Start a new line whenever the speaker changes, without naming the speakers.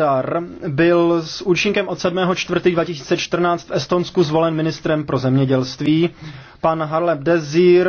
Vardar byl s účinkem od 7.4.2014 v Estonsku zvolen ministrem pro zemědělství. Pan Harleb Dezir